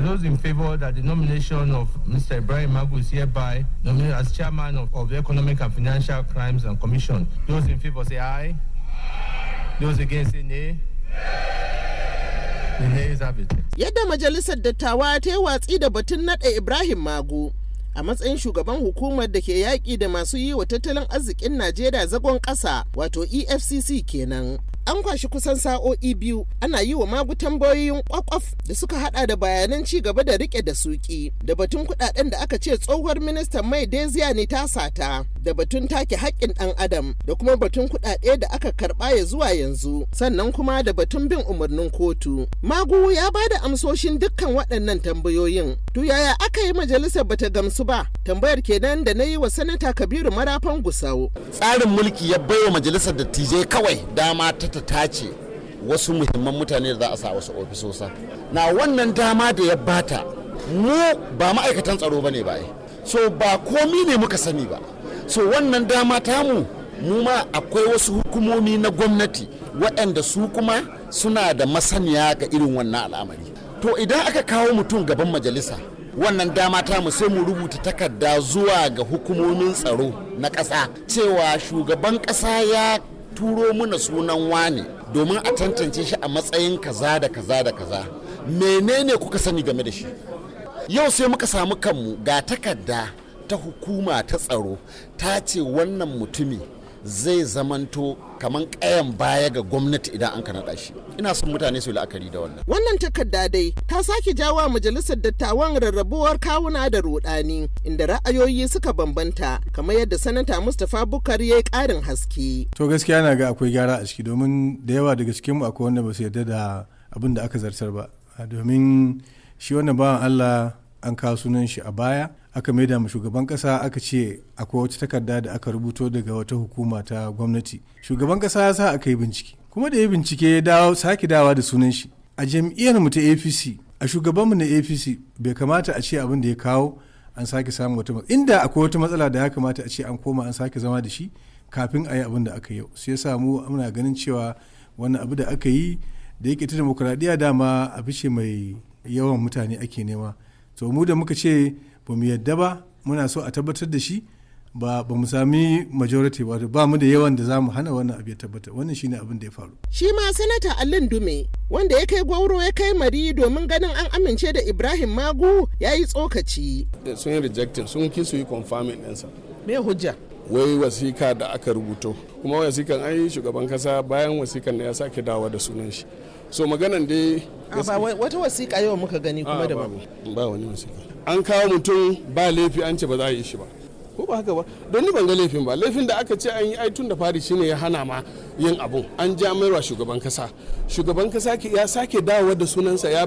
Those in favor that the nomination of Mr. Ibrahim Magu is hereby nominated as chairman of, of the Economic and Financial Crimes and Commission. Those in favor say aye. aye. Those against say nay. Yadda majalisar dattawa ta yi watsi da batun naɗa Ibrahim Magu a matsayin shugaban hukumar da ke yaƙi da masu yi wa tattalin arzikin Najeriya zagon ƙasa wato EFCC kenan. an kwashi kusan sa'o'i biyu ana yi wa magu tambayoyin kwakwaf da suka hada da bayanan ci gaba da rike da suki da batun kudaden da aka ce tsohuwar ministan mai Deziya ne ta sata da batun take hakkin ɗan adam da kuma batun kuɗaɗe da aka karɓa ya zuwa yanzu sannan kuma da batun bin umarnin kotu. Magu ya ba da amsoshin dukkan waɗannan tambayoyin. To yaya aka yi majalisar bata gamsu ba? Tambayar kenan da na yi wa sanata Kabiru Marafan Gusau. Tsarin mulki ya baiwa majalisar dattijai kawai dama ta ta tace wasu muhimman mutane da za a sa wasu ofisosa. Na wannan dama da ya bata mu ba ma'aikatan tsaro ba ne ba so ba komi ne muka sani ba so wannan dama tamu mu ma akwai wasu hukumomi na gwamnati waɗanda su kuma suna da masaniya ga irin wannan al'amari to idan aka kawo mutum gaban majalisa wannan dama mu sai mu rubuta takarda zuwa ga hukumomin tsaro na ƙasa cewa shugaban ƙasa ya turo muna sunan wane domin a tantance shi a matsayin kaza da kaza da kaza menene kuka sani game da shi yau sai muka samu kanmu ga takarda ta hukuma ta tsaro ta ce wannan mutumi zai zamanto kamar kayan baya ga gwamnati idan an kanaɗa shi ina son mutane su la'akari da wannan wannan takarda dai ta sake jawa majalisar dattawan rarrabuwar kawuna da rudani inda ra'ayoyi suka bambanta kamar yadda sanata mustapha bukari ya yi karin haske to gaskiya na ga akwai gyara a ciki domin da yawa daga cikin mu akwai wanda ba su yarda da abin da aka zartar ba domin shi wannan bawan allah an kawo sunan shi a baya aka maida ma shugaban kasa aka ce akwai wata takarda da aka rubuto daga wata hukuma ta gwamnati shugaban kasa ya sa aka yi bincike kuma da ya bincike ya dawo sake dawa da sunan shi a jam'iyyar mu ta APC a shugaban mu na APC bai kamata a ce abin da ya kawo an sake samun wata matsala inda akwai wata matsala da ya kamata a ce an koma an sake zama da shi kafin a yi abin da aka yi sai yasa mu muna ganin cewa wannan abu da aka yi da yake ta demokuraɗiyya dama abu ce mai yawan mutane ake nema so mu da muka ce ba mu yadda ba muna so a tabbatar da shi ba mu sami majority ba ba mu da yawan da za mu hana wannan abu ya tabbata wannan shine abin da ya faru shi ma sanata alin dume wanda ya kai gwauro ya kai mari domin ganin an amince da ibrahim magu ya yi tsokaci sun yi rejecting sun kisu yi confirming ɗinsa me hujja wai wasika da aka rubuto kuma wasikan an yi shugaban kasa bayan wasikan da ya sake dawa da sunan shi so maganan dai ah, wata wasika yau muka gani kuma ah, da ba wani wasika an kawo mutum ba laifi an ce ba za a yi shi ba ko ba haka ba don ni ban ga laifin ba laifin da aka ce an yi ai tun da fari shine ya hana ma yin abun an ja maiwa shugaban kasa shugaban kasa ya sake dawa da sunansa ya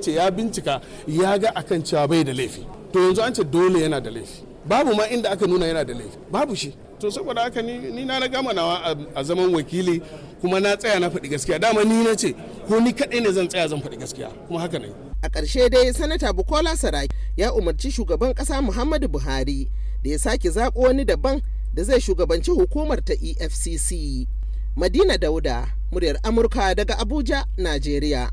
ce ya bincika ya ga akan cewa bai da laifi to yanzu an ce dole yana da laifi babu ma inda aka nuna yana da laifi babu shi to saboda haka ni na na gama nawa a zaman wakili kuma na tsaya na faɗi gaskiya dama ni na ce ko ni kaɗai ne zan tsaya zan faɗi gaskiya kuma haka ne a ƙarshe dai sanata bukola saraki ya umarci shugaban ƙasa muhammadu buhari da ya sake zaɓo wani daban da zai shugabanci hukumar ta efcc madina dauda muryar amurka daga abuja najeriya